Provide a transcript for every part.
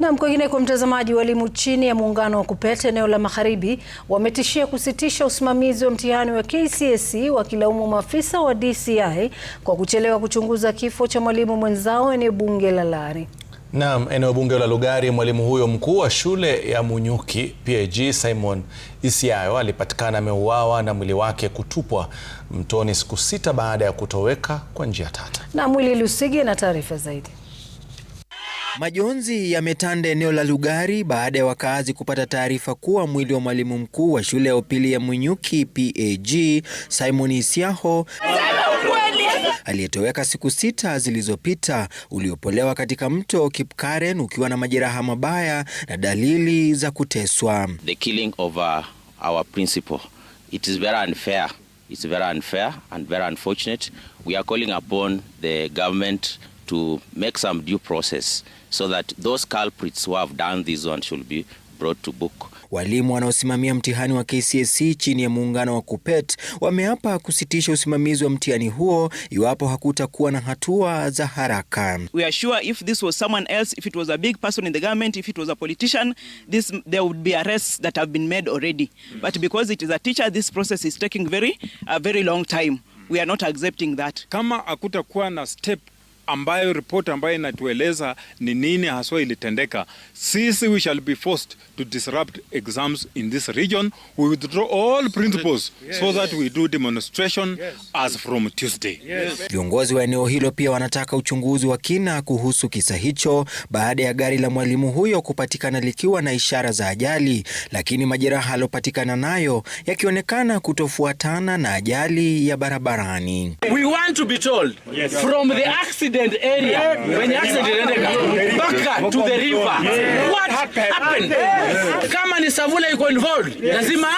Na kwingine kwa mtazamaji, walimu chini ya muungano wa KUPPET eneo la Magharibi wametishia kusitisha usimamizi wa mtihani wa KCSE wakilaumu maafisa wa DCI kwa kuchelewa kuchunguza kifo cha mwalimu mwenzao eneo bunge la Lari. Naam, eneo bunge la Lugari, mwalimu huyo mkuu wa shule ya Munyuki PAG Simon Isiayo alipatikana ameuawa na mwili wake kutupwa mtoni siku sita baada ya kutoweka kwa njia tata. Na mwili Lusige na taarifa zaidi. Majonzi yametanda eneo la Lugari baada ya wakaazi kupata taarifa kuwa mwili wa mwalimu mkuu wa shule ya upili ya Munyuki PAG Simon Isiaho aliyetoweka siku sita zilizopita uliopolewa katika mto Kipkaren ukiwa na majeraha mabaya na dalili za kuteswa. The killing of uh, our principal. It is very unfair. It's very unfair and very unfortunate. We are calling upon the government to make some due process so that those culprits who have done this one should be brought to book. Walimu wanaosimamia mtihani wa KCSE chini ya muungano wa KUPET wameapa kusitisha usimamizi wa mtihani huo iwapo hakutakuwa na hatua za haraka. We are sure if this was someone else, if it was a big person in the government, if it was a politician, this there would be arrests that have been made already. But because it is a teacher, this process is taking very a very long time. We are not accepting that. Kama hakutakuwa na step ambayo ripoti ambayo inatueleza ni nini haswa ilitendeka. Sisi we shall be forced to disrupt exams in this region. We withdraw all principles so that we do demonstration as from Tuesday. Viongozi wa eneo hilo pia wanataka uchunguzi wa kina kuhusu kisa hicho baada ya gari la mwalimu huyo kupatikana likiwa na ishara za ajali, lakini majeraha aliopatikana nayo yakionekana kutofuatana na ajali ya barabarani. to be told, yes. from the accident area, yeah. when the accident ended, back to the river. What Kama ni Savula iko involved, lazima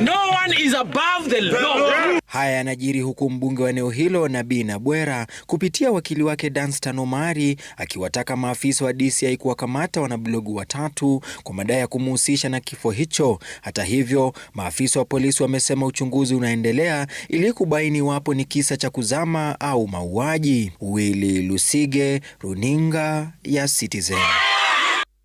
no one is above the law. Haya yanajiri huku mbunge wa eneo hilo Nabii Nabwera kupitia wakili wake Danstan Omari akiwataka maafisa wa DCI kuwakamata wanablogu watatu kwa madai ya kumuhusisha na kifo hicho. Hata hivyo, maafisa wa polisi wamesema uchunguzi unaendelea ili kubaini iwapo ni kisa cha kuzama au mauaji. Willy Lusige, Runinga ya Citizen.